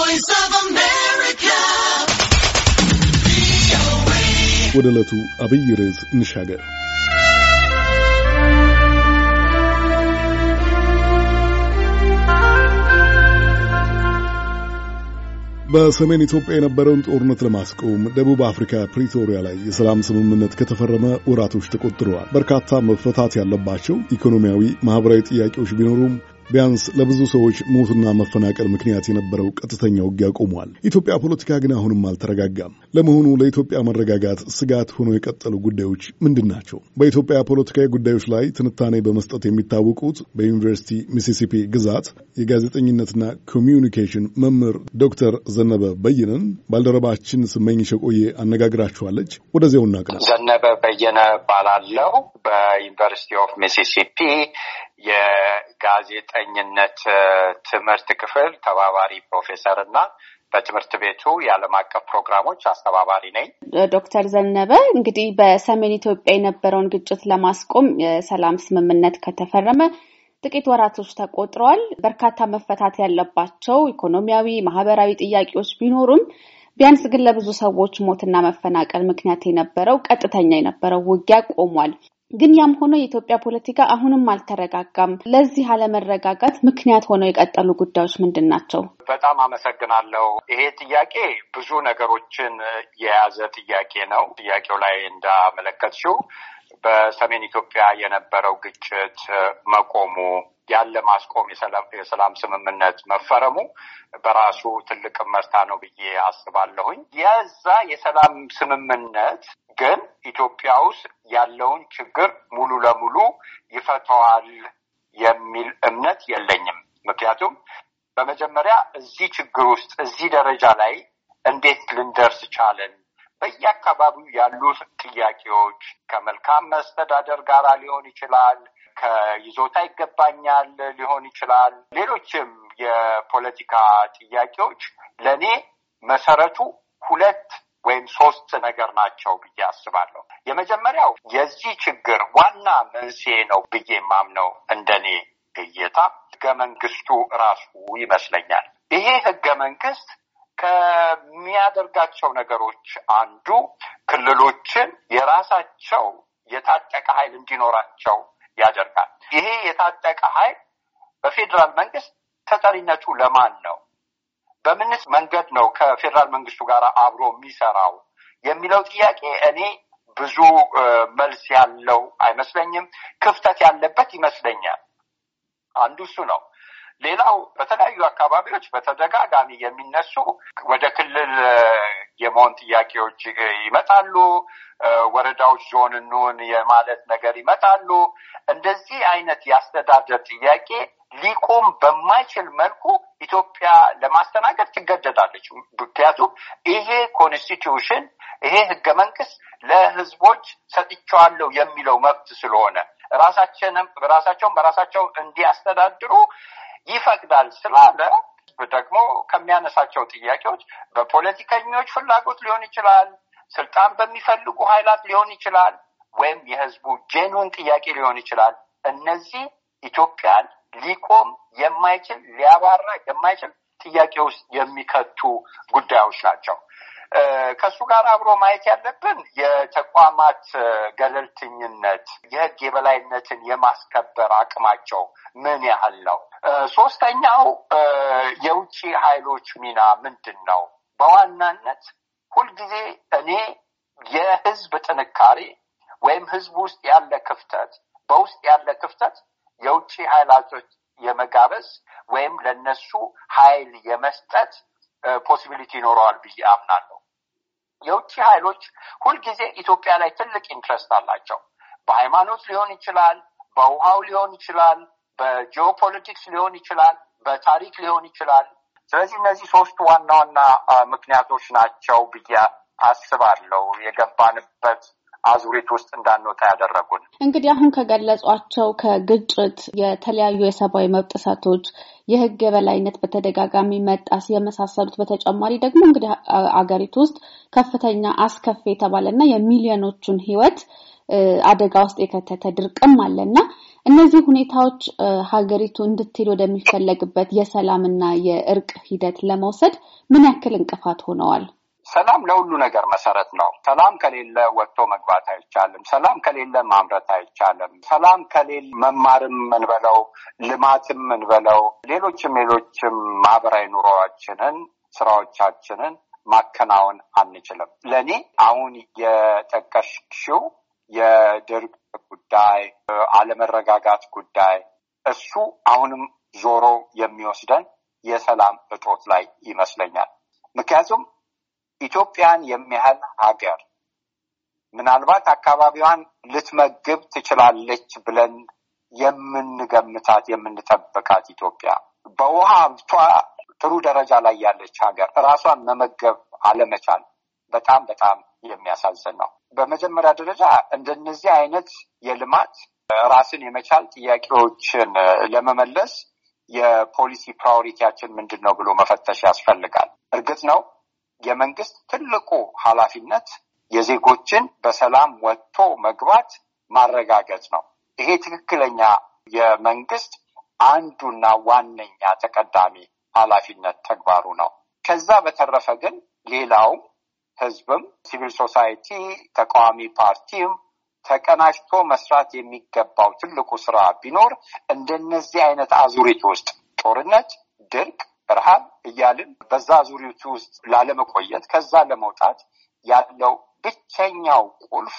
ቮይስ ኦፍ ወደ ዕለቱ አብይ ርዕስ እንሻገር። በሰሜን ኢትዮጵያ የነበረውን ጦርነት ለማስቆም ደቡብ አፍሪካ ፕሪቶሪያ ላይ የሰላም ስምምነት ከተፈረመ ወራቶች ተቆጥረዋል። በርካታ መፈታት ያለባቸው ኢኮኖሚያዊ፣ ማህበራዊ ጥያቄዎች ቢኖሩም ቢያንስ ለብዙ ሰዎች ሞትና መፈናቀል ምክንያት የነበረው ቀጥተኛ ውጊያ ቆሟል። ኢትዮጵያ ፖለቲካ ግን አሁንም አልተረጋጋም። ለመሆኑ ለኢትዮጵያ መረጋጋት ስጋት ሆኖ የቀጠሉ ጉዳዮች ምንድን ናቸው? በኢትዮጵያ ፖለቲካዊ ጉዳዮች ላይ ትንታኔ በመስጠት የሚታወቁት በዩኒቨርሲቲ ሚሲሲፒ ግዛት የጋዜጠኝነትና ኮሚዩኒኬሽን መምህር ዶክተር ዘነበ በየነን ባልደረባችን ስመኝ ሸቆየ አነጋግራችኋለች። ወደዚያው እናቅናለን። ዘነበ በየነ ባላለው በዩኒቨርሲቲ ኦፍ ሚሲሲፒ የጋዜጠኝነት ትምህርት ክፍል ተባባሪ ፕሮፌሰር እና በትምህርት ቤቱ የዓለም አቀፍ ፕሮግራሞች አስተባባሪ ነኝ። ዶክተር ዘነበ እንግዲህ በሰሜን ኢትዮጵያ የነበረውን ግጭት ለማስቆም የሰላም ስምምነት ከተፈረመ ጥቂት ወራቶች ተቆጥረዋል። በርካታ መፈታት ያለባቸው ኢኮኖሚያዊ፣ ማህበራዊ ጥያቄዎች ቢኖሩም ቢያንስ ግን ለብዙ ሰዎች ሞትና መፈናቀል ምክንያት የነበረው ቀጥተኛ የነበረው ውጊያ ቆሟል። ግን ያም ሆኖ የኢትዮጵያ ፖለቲካ አሁንም አልተረጋጋም። ለዚህ አለመረጋጋት ምክንያት ሆነው የቀጠሉ ጉዳዮች ምንድን ናቸው? በጣም አመሰግናለሁ። ይሄ ጥያቄ ብዙ ነገሮችን የያዘ ጥያቄ ነው። ጥያቄው ላይ እንዳመለከትሽው በሰሜን ኢትዮጵያ የነበረው ግጭት መቆሙ ያለ ማስቆም የሰላም ስምምነት መፈረሙ በራሱ ትልቅ መርታ ነው ብዬ አስባለሁኝ። የዛ የሰላም ስምምነት ግን ኢትዮጵያ ውስጥ ያለውን ችግር ሙሉ ለሙሉ ይፈተዋል የሚል እምነት የለኝም። ምክንያቱም በመጀመሪያ እዚህ ችግር ውስጥ እዚህ ደረጃ ላይ እንዴት ልንደርስ ቻለን በየአካባቢው ያሉት ጥያቄዎች ከመልካም መስተዳደር ጋር ሊሆን ይችላል፣ ከይዞታ ይገባኛል ሊሆን ይችላል፣ ሌሎችም የፖለቲካ ጥያቄዎች ለእኔ መሰረቱ ሁለት ወይም ሶስት ነገር ናቸው ብዬ አስባለሁ። የመጀመሪያው የዚህ ችግር ዋና መንስኤ ነው ብዬ ማምነው እንደኔ እይታ ህገ መንግስቱ ራሱ ይመስለኛል። ይሄ ህገ መንግስት ከሚያደርጋቸው ነገሮች አንዱ ክልሎችን የራሳቸው የታጠቀ ኃይል እንዲኖራቸው ያደርጋል። ይሄ የታጠቀ ኃይል በፌዴራል መንግስት ተጠሪነቱ ለማን ነው? በምንስ መንገድ ነው ከፌዴራል መንግስቱ ጋር አብሮ የሚሰራው የሚለው ጥያቄ እኔ ብዙ መልስ ያለው አይመስለኝም። ክፍተት ያለበት ይመስለኛል። አንዱ እሱ ነው። ሌላው በተለያዩ አካባቢዎች በተደጋጋሚ የሚነሱ ወደ ክልል የመሆን ጥያቄዎች ይመጣሉ። ወረዳዎች ዞን የማለት ነገር ይመጣሉ። እንደዚህ አይነት የአስተዳደር ጥያቄ ሊቆም በማይችል መልኩ ኢትዮጵያ ለማስተናገድ ትገደዳለች። ምክንያቱም ይሄ ኮንስቲትዩሽን ይሄ ህገ መንግስት ለህዝቦች ሰጥቼዋለሁ የሚለው መብት ስለሆነ ራሳቸውን በራሳቸው እንዲያስተዳድሩ ይፈቅዳል ስላለ ደግሞ ከሚያነሳቸው ጥያቄዎች በፖለቲከኞች ፍላጎት ሊሆን ይችላል፣ ስልጣን በሚፈልጉ ኃይላት ሊሆን ይችላል፣ ወይም የህዝቡ ጄኑን ጥያቄ ሊሆን ይችላል። እነዚህ ኢትዮጵያን ሊቆም የማይችል ሊያባራ የማይችል ጥያቄ ውስጥ የሚከቱ ጉዳዮች ናቸው። ከእሱ ጋር አብሮ ማየት ያለብን የተቋማት ገለልተኝነት፣ የህግ የበላይነትን የማስከበር አቅማቸው ምን ያህል ነው? ሶስተኛው የውጭ ኃይሎች ሚና ምንድን ነው? በዋናነት ሁልጊዜ እኔ የህዝብ ጥንካሬ ወይም ህዝብ ውስጥ ያለ ክፍተት በውስጥ ያለ ክፍተት የውጭ ኃይላቶች የመጋበዝ ወይም ለነሱ ኃይል የመስጠት ፖሲቢሊቲ ይኖረዋል ብዬ አምናለሁ። የውጭ ኃይሎች ሁልጊዜ ኢትዮጵያ ላይ ትልቅ ኢንትረስት አላቸው። በሃይማኖት ሊሆን ይችላል፣ በውሃው ሊሆን ይችላል፣ በጂኦፖለቲክስ ሊሆን ይችላል፣ በታሪክ ሊሆን ይችላል። ስለዚህ እነዚህ ሶስት ዋና ዋና ምክንያቶች ናቸው ብዬ አስባለሁ የገባንበት አዙሪት ውስጥ እንዳንወጣ ያደረጉን። እንግዲህ አሁን ከገለጿቸው ከግጭት፣ የተለያዩ የሰብአዊ መብት ጥሰቶች፣ የህግ የበላይነት በተደጋጋሚ መጣስ የመሳሰሉት በተጨማሪ ደግሞ እንግዲህ አገሪቱ ውስጥ ከፍተኛ አስከፊ የተባለና የሚሊዮኖቹን ህይወት አደጋ ውስጥ የከተተ ድርቅም አለና እነዚህ ሁኔታዎች ሀገሪቱ እንድትሄድ ወደሚፈለግበት የሰላምና የእርቅ ሂደት ለመውሰድ ምን ያክል እንቅፋት ሆነዋል? ሰላም ለሁሉ ነገር መሰረት ነው። ሰላም ከሌለ ወጥቶ መግባት አይቻልም። ሰላም ከሌለ ማምረት አይቻልም። ሰላም ከሌለ መማርም ምንበለው ልማትም ምንበለው ሌሎችም ሌሎችም ማህበራዊ ኑሮዎችንን ስራዎቻችንን ማከናወን አንችልም። ለእኔ አሁን የጠቀስሽው የድርቅ ጉዳይ፣ አለመረጋጋት ጉዳይ እሱ አሁንም ዞሮ የሚወስደን የሰላም እጦት ላይ ይመስለኛል። ምክንያቱም ኢትዮጵያን የሚያህል ሀገር ምናልባት አካባቢዋን ልትመግብ ትችላለች ብለን የምንገምታት የምንጠብቃት ኢትዮጵያ በውሃ ሀብቷ ጥሩ ደረጃ ላይ ያለች ሀገር ራሷን መመገብ አለመቻል በጣም በጣም የሚያሳዝን ነው። በመጀመሪያ ደረጃ እንደነዚህ አይነት የልማት ራስን የመቻል ጥያቄዎችን ለመመለስ የፖሊሲ ፕራዮሪቲያችን ምንድን ነው ብሎ መፈተሽ ያስፈልጋል። እርግጥ ነው የመንግስት ትልቁ ኃላፊነት የዜጎችን በሰላም ወጥቶ መግባት ማረጋገጥ ነው። ይሄ ትክክለኛ የመንግስት አንዱና ዋነኛ ተቀዳሚ ኃላፊነት ተግባሩ ነው። ከዛ በተረፈ ግን ሌላውም ህዝብም፣ ሲቪል ሶሳይቲ፣ ተቃዋሚ ፓርቲም ተቀናጅቶ መስራት የሚገባው ትልቁ ስራ ቢኖር እንደነዚህ አይነት አዙሪት ውስጥ ጦርነት፣ ድርቅ ረሃብ እያልን በዛ ዙሪቱ ውስጥ ላለመቆየት ከዛ ለመውጣት ያለው ብቸኛው ቁልፍ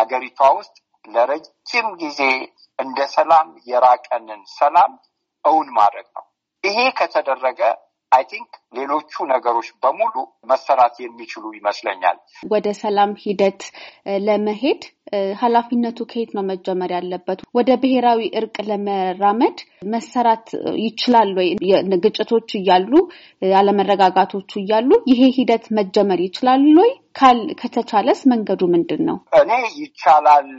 አገሪቷ ውስጥ ለረጅም ጊዜ እንደ ሰላም የራቀንን ሰላም እውን ማድረግ ነው። ይሄ ከተደረገ አይ ቲንክ ሌሎቹ ነገሮች በሙሉ መሰራት የሚችሉ ይመስለኛል። ወደ ሰላም ሂደት ለመሄድ ኃላፊነቱ ከየት ነው መጀመር ያለበት? ወደ ብሔራዊ እርቅ ለመራመድ መሰራት ይችላል ወይ? ግጭቶች እያሉ አለመረጋጋቶቹ እያሉ ይሄ ሂደት መጀመር ይችላል ወይ? ከተቻለስ መንገዱ ምንድን ነው? እኔ ይቻላል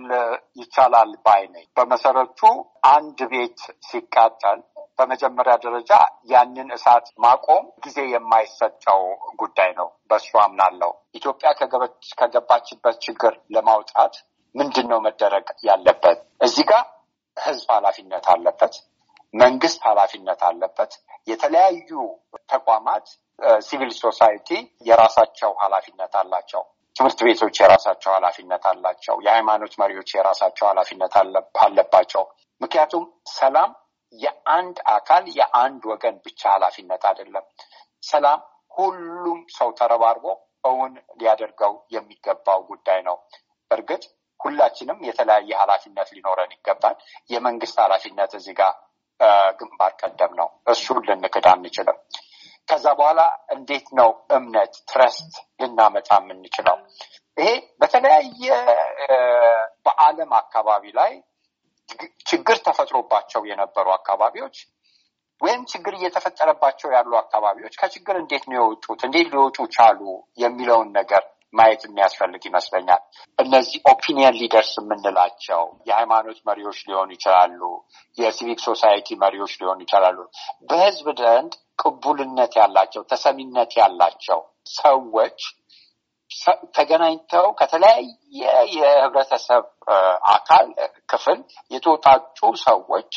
ይቻላል ባይ ነኝ። በመሰረቱ አንድ ቤት ሲቃጠል በመጀመሪያ ደረጃ ያንን እሳት ማቆም ጊዜ የማይሰጠው ጉዳይ ነው። በእሱ አምናለሁ። ኢትዮጵያ ከገባችበት ችግር ለማውጣት ምንድን ነው መደረግ ያለበት? እዚህ ጋር ህዝብ ኃላፊነት አለበት። መንግስት ኃላፊነት አለበት። የተለያዩ ተቋማት ሲቪል ሶሳይቲ የራሳቸው ኃላፊነት አላቸው። ትምህርት ቤቶች የራሳቸው ኃላፊነት አላቸው። የሃይማኖት መሪዎች የራሳቸው ኃላፊነት አለባቸው። ምክንያቱም ሰላም የአንድ አካል የአንድ ወገን ብቻ ኃላፊነት አይደለም። ሰላም ሁሉም ሰው ተረባርቦ እውን ሊያደርገው የሚገባው ጉዳይ ነው። እርግጥ ሁላችንም የተለያየ ኃላፊነት ሊኖረን ይገባል። የመንግስት ኃላፊነት እዚህ ጋር ግንባር ቀደም ነው። እሱን ልንክድ አንችልም። ከዛ በኋላ እንዴት ነው እምነት ትረስት ልናመጣ የምንችለው? ይሄ በተለያየ በዓለም አካባቢ ላይ ችግር ተፈጥሮባቸው የነበሩ አካባቢዎች ወይም ችግር እየተፈጠረባቸው ያሉ አካባቢዎች ከችግር እንዴት ነው የወጡት፣ እንዴት ሊወጡ ቻሉ የሚለውን ነገር ማየት የሚያስፈልግ ይመስለኛል። እነዚህ ኦፒኒየን ሊደርስ የምንላቸው የሃይማኖት መሪዎች ሊሆኑ ይችላሉ፣ የሲቪክ ሶሳይቲ መሪዎች ሊሆኑ ይችላሉ። በህዝብ ዘንድ ቅቡልነት ያላቸው ተሰሚነት ያላቸው ሰዎች ተገናኝተው ከተለያየ የህብረተሰብ አካል ክፍል የተወጣጩ ሰዎች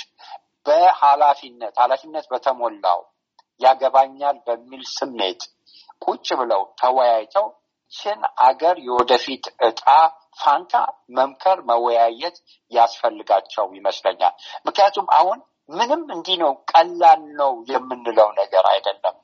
በኃላፊነት ኃላፊነት በተሞላው ያገባኛል በሚል ስሜት ቁጭ ብለው ተወያይተው ችን አገር የወደፊት እጣ ፋንታ መምከር መወያየት ያስፈልጋቸው ይመስለኛል። ምክንያቱም አሁን ምንም እንዲህ ነው ቀላል ነው የምንለው ነገር አይደለም።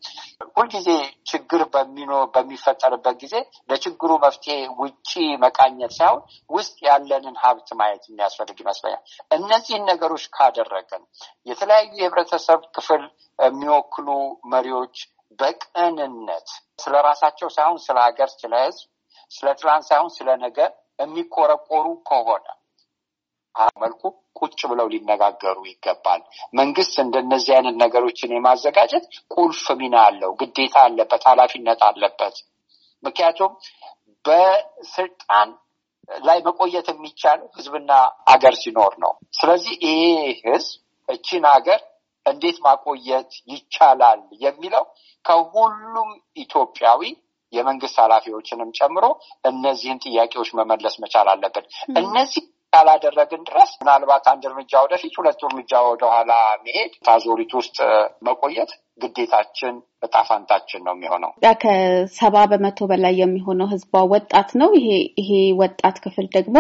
ሁልጊዜ ችግር በሚኖ በሚፈጠርበት ጊዜ ለችግሩ መፍትሄ ውጪ መቃኘት ሳይሆን ውስጥ ያለንን ሀብት ማየት የሚያስፈልግ ይመስለኛል። እነዚህን ነገሮች ካደረግን የተለያዩ የህብረተሰብ ክፍል የሚወክሉ መሪዎች በቅንነት ስለ ራሳቸው ሳይሆን ስለ ሀገር፣ ስለ ህዝብ፣ ስለ ትላንት ሳይሆን ስለ ነገር የሚቆረቆሩ ከሆነ መልኩ ቁጭ ብለው ሊነጋገሩ ይገባል። መንግስት እንደነዚህ አይነት ነገሮችን የማዘጋጀት ቁልፍ ሚና አለው፣ ግዴታ አለበት፣ ኃላፊነት አለበት። ምክንያቱም በስልጣን ላይ መቆየት የሚቻለው ህዝብና አገር ሲኖር ነው። ስለዚህ ይሄ ህዝብ እቺን ሀገር እንዴት ማቆየት ይቻላል የሚለው ከሁሉም ኢትዮጵያዊ የመንግስት ኃላፊዎችንም ጨምሮ እነዚህን ጥያቄዎች መመለስ መቻል አለብን። እነዚህ ካላደረግን ድረስ ምናልባት አንድ እርምጃ ወደፊት ሁለቱ እርምጃ ወደኋላ መሄድ ታዞሪት ውስጥ መቆየት ግዴታችን በጣፋንታችን ነው የሚሆነው። ከሰባ በመቶ በላይ የሚሆነው ህዝቧ ወጣት ነው። ይሄ ይሄ ወጣት ክፍል ደግሞ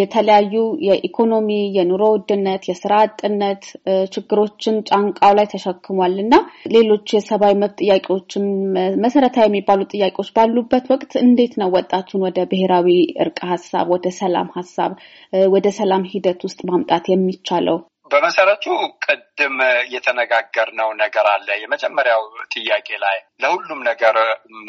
የተለያዩ የኢኮኖሚ የኑሮ ውድነት፣ የስራ አጥነት ችግሮችን ጫንቃው ላይ ተሸክሟል እና ሌሎች የሰብአዊ መብት ጥያቄዎችም መሰረታዊ የሚባሉ ጥያቄዎች ባሉበት ወቅት እንዴት ነው ወጣቱን ወደ ብሔራዊ እርቅ ሀሳብ፣ ወደ ሰላም ሀሳብ፣ ወደ ሰላም ሂደት ውስጥ ማምጣት የሚቻለው? በመሰረቱ ቅድም የተነጋገርነው ነገር አለ። የመጀመሪያው ጥያቄ ላይ ለሁሉም ነገር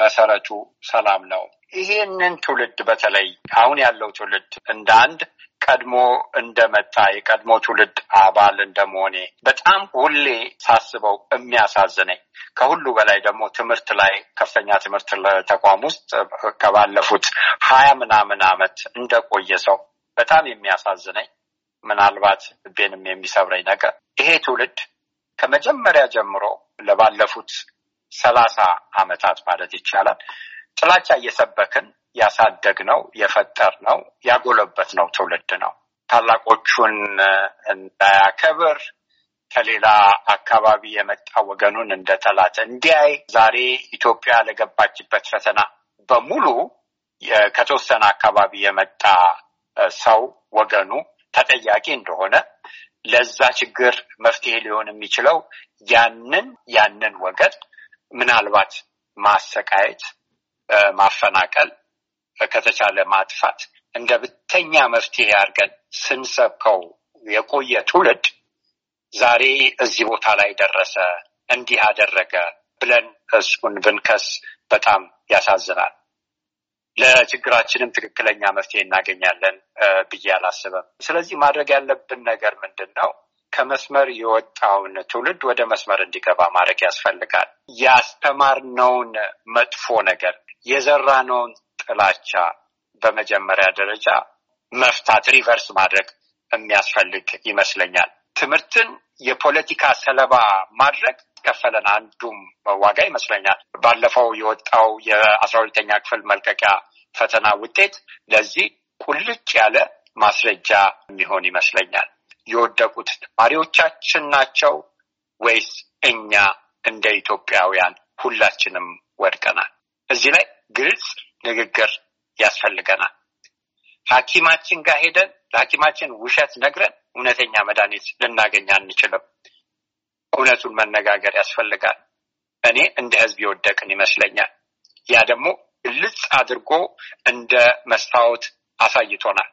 መሰረቱ ሰላም ነው። ይሄንን ትውልድ በተለይ አሁን ያለው ትውልድ እንደ አንድ ቀድሞ እንደመጣ የቀድሞ ትውልድ አባል እንደመሆኔ በጣም ሁሌ ሳስበው የሚያሳዝነኝ ከሁሉ በላይ ደግሞ ትምህርት ላይ ከፍተኛ ትምህርት ተቋም ውስጥ ከባለፉት ሀያ ምናምን ዓመት እንደቆየ ሰው በጣም የሚያሳዝነኝ ምናልባት ልቤንም የሚሰብረኝ ነገር ይሄ ትውልድ ከመጀመሪያ ጀምሮ ለባለፉት ሰላሳ ዓመታት ማለት ይቻላል ጥላቻ እየሰበክን ያሳደግ ነው የፈጠር ነው ያጎለበት ነው ትውልድ ነው። ታላቆቹን እንዳያከብር ከሌላ አካባቢ የመጣ ወገኑን እንደ ጠላት እንዲያይ ዛሬ ኢትዮጵያ ለገባችበት ፈተና በሙሉ ከተወሰነ አካባቢ የመጣ ሰው ወገኑ ተጠያቂ እንደሆነ ለዛ ችግር መፍትሄ ሊሆን የሚችለው ያንን ያንን ወገን ምናልባት ማሰቃየት ማፈናቀል ከተቻለ ማጥፋት እንደ ብተኛ መፍትሄ አድርገን ስንሰብከው የቆየ ትውልድ ዛሬ እዚህ ቦታ ላይ ደረሰ፣ እንዲህ አደረገ ብለን እሱን ብንከስ በጣም ያሳዝናል። ለችግራችንም ትክክለኛ መፍትሄ እናገኛለን ብዬ አላስበም። ስለዚህ ማድረግ ያለብን ነገር ምንድን ነው? ከመስመር የወጣውን ትውልድ ወደ መስመር እንዲገባ ማድረግ ያስፈልጋል። ያስተማርነውን መጥፎ ነገር የዘራነውን ጥላቻ በመጀመሪያ ደረጃ መፍታት ሪቨርስ ማድረግ የሚያስፈልግ ይመስለኛል። ትምህርትን የፖለቲካ ሰለባ ማድረግ ከፈለን አንዱም ዋጋ ይመስለኛል። ባለፈው የወጣው የአስራ ሁለተኛ ክፍል መልቀቂያ ፈተና ውጤት ለዚህ ቁልጭ ያለ ማስረጃ የሚሆን ይመስለኛል። የወደቁት ተማሪዎቻችን ናቸው ወይስ እኛ እንደ ኢትዮጵያውያን ሁላችንም ወድቀናል? እዚህ ላይ ግልጽ ንግግር ያስፈልገናል። ሐኪማችን ጋር ሄደን ለሐኪማችን ውሸት ነግረን እውነተኛ መድኃኒት ልናገኝ አንችልም። እውነቱን መነጋገር ያስፈልጋል። እኔ እንደ ህዝብ የወደቅን ይመስለኛል። ያ ደግሞ ግልጽ አድርጎ እንደ መስታወት አሳይቶናል።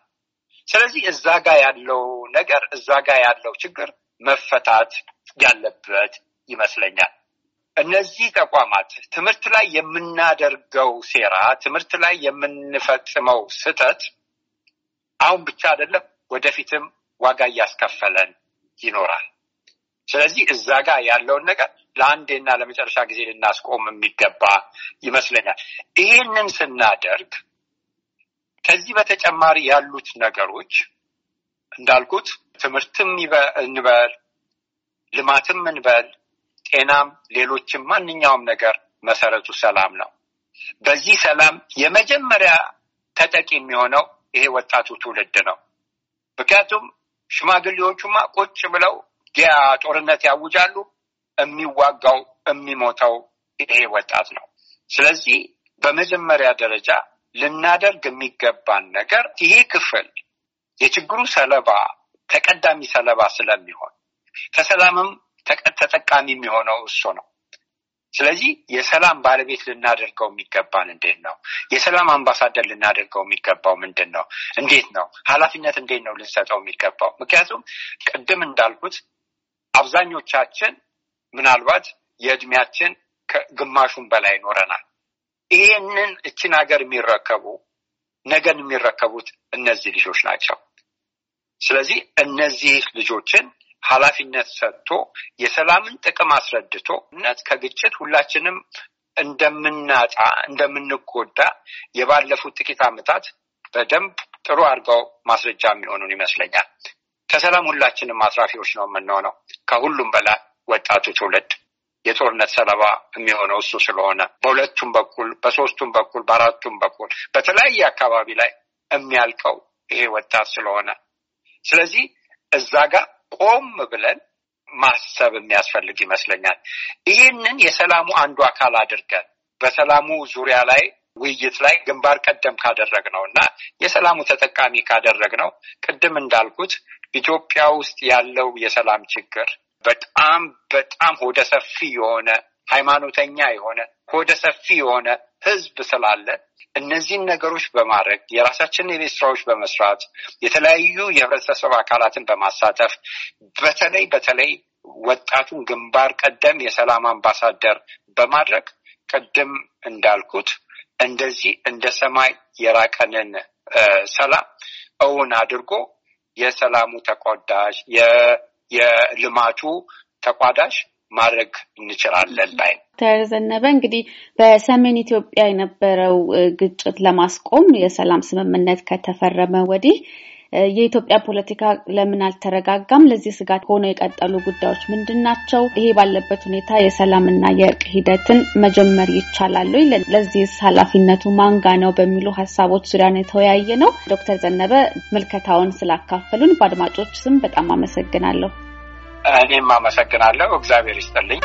ስለዚህ እዛ ጋ ያለው ነገር እዛ ጋ ያለው ችግር መፈታት ያለበት ይመስለኛል። እነዚህ ተቋማት ትምህርት ላይ የምናደርገው ሴራ፣ ትምህርት ላይ የምንፈጽመው ስህተት አሁን ብቻ አይደለም፣ ወደፊትም ዋጋ እያስከፈለን ይኖራል። ስለዚህ እዛ ጋ ያለውን ነገር ለአንዴና ለመጨረሻ ጊዜ ልናስቆም የሚገባ ይመስለኛል። ይህንን ስናደርግ ከዚህ በተጨማሪ ያሉት ነገሮች እንዳልኩት ትምህርትም እንበል ልማትም እንበል ጤናም፣ ሌሎችም ማንኛውም ነገር መሰረቱ ሰላም ነው። በዚህ ሰላም የመጀመሪያ ተጠቂ የሚሆነው ይሄ ወጣቱ ትውልድ ነው። ምክንያቱም ሽማግሌዎቹማ ቁጭ ብለው ጦርነት ያውጃሉ። የሚዋጋው የሚሞተው ይሄ ወጣት ነው። ስለዚህ በመጀመሪያ ደረጃ ልናደርግ የሚገባን ነገር ይሄ ክፍል የችግሩ ሰለባ ተቀዳሚ ሰለባ ስለሚሆን ከሰላምም ተጠቃሚ የሚሆነው እሱ ነው። ስለዚህ የሰላም ባለቤት ልናደርገው የሚገባን እንዴት ነው? የሰላም አምባሳደር ልናደርገው የሚገባው ምንድን ነው? እንዴት ነው? ኃላፊነት እንዴት ነው ልንሰጠው የሚገባው? ምክንያቱም ቅድም እንዳልኩት አብዛኞቻችን ምናልባት የእድሜያችን ከግማሹን በላይ ይኖረናል። ይሄንን እችን ሀገር የሚረከቡ ነገን የሚረከቡት እነዚህ ልጆች ናቸው። ስለዚህ እነዚህ ልጆችን ኃላፊነት ሰጥቶ የሰላምን ጥቅም አስረድቶ እነት ከግጭት ሁላችንም እንደምናጣ እንደምንጎዳ የባለፉት ጥቂት ዓመታት በደንብ ጥሩ አድርገው ማስረጃ የሚሆኑን ይመስለኛል። ከሰላም ሁላችንም አትራፊዎች ነው የምንሆነው፣ ከሁሉም በላይ ወጣቱ ትውልድ። የጦርነት ሰለባ የሚሆነው እሱ ስለሆነ በሁለቱም በኩል በሶስቱም በኩል በአራቱም በኩል በተለያየ አካባቢ ላይ የሚያልቀው ይሄ ወጣት ስለሆነ ስለዚህ እዛ ጋር ቆም ብለን ማሰብ የሚያስፈልግ ይመስለኛል። ይህንን የሰላሙ አንዱ አካል አድርገን በሰላሙ ዙሪያ ላይ ውይይት ላይ ግንባር ቀደም ካደረግ ነው እና የሰላሙ ተጠቃሚ ካደረግ ነው ቅድም እንዳልኩት ኢትዮጵያ ውስጥ ያለው የሰላም ችግር በጣም በጣም ሆደ ሰፊ የሆነ ሃይማኖተኛ የሆነ ሆደ ሰፊ የሆነ ህዝብ ስላለ እነዚህን ነገሮች በማድረግ የራሳችንን የቤት ስራዎች በመስራት የተለያዩ የህብረተሰብ አካላትን በማሳተፍ በተለይ በተለይ ወጣቱን ግንባር ቀደም የሰላም አምባሳደር በማድረግ ቅድም እንዳልኩት እንደዚህ እንደ ሰማይ የራቀንን ሰላም እውን አድርጎ የሰላሙ ተቆዳጅ። የልማቱ ተቋዳሽ ማድረግ እንችላለን ላይ ዶክተር ዘነበ እንግዲህ በሰሜን ኢትዮጵያ የነበረው ግጭት ለማስቆም የሰላም ስምምነት ከተፈረመ ወዲህ የኢትዮጵያ ፖለቲካ ለምን አልተረጋጋም? ለዚህ ስጋት ሆነው የቀጠሉ ጉዳዮች ምንድን ናቸው? ይሄ ባለበት ሁኔታ የሰላምና የእርቅ ሂደትን መጀመር ይቻላሉ? ለዚህ ኃላፊነቱ ማንጋ ነው? በሚሉ ሀሳቦች ዙሪያ ነው የተወያየ ነው። ዶክተር ዘነበ ምልከታውን ስላካፈሉን በአድማጮች ስም በጣም አመሰግናለሁ። እኔም አመሰግናለሁ። እግዚአብሔር ይስጥልኝ።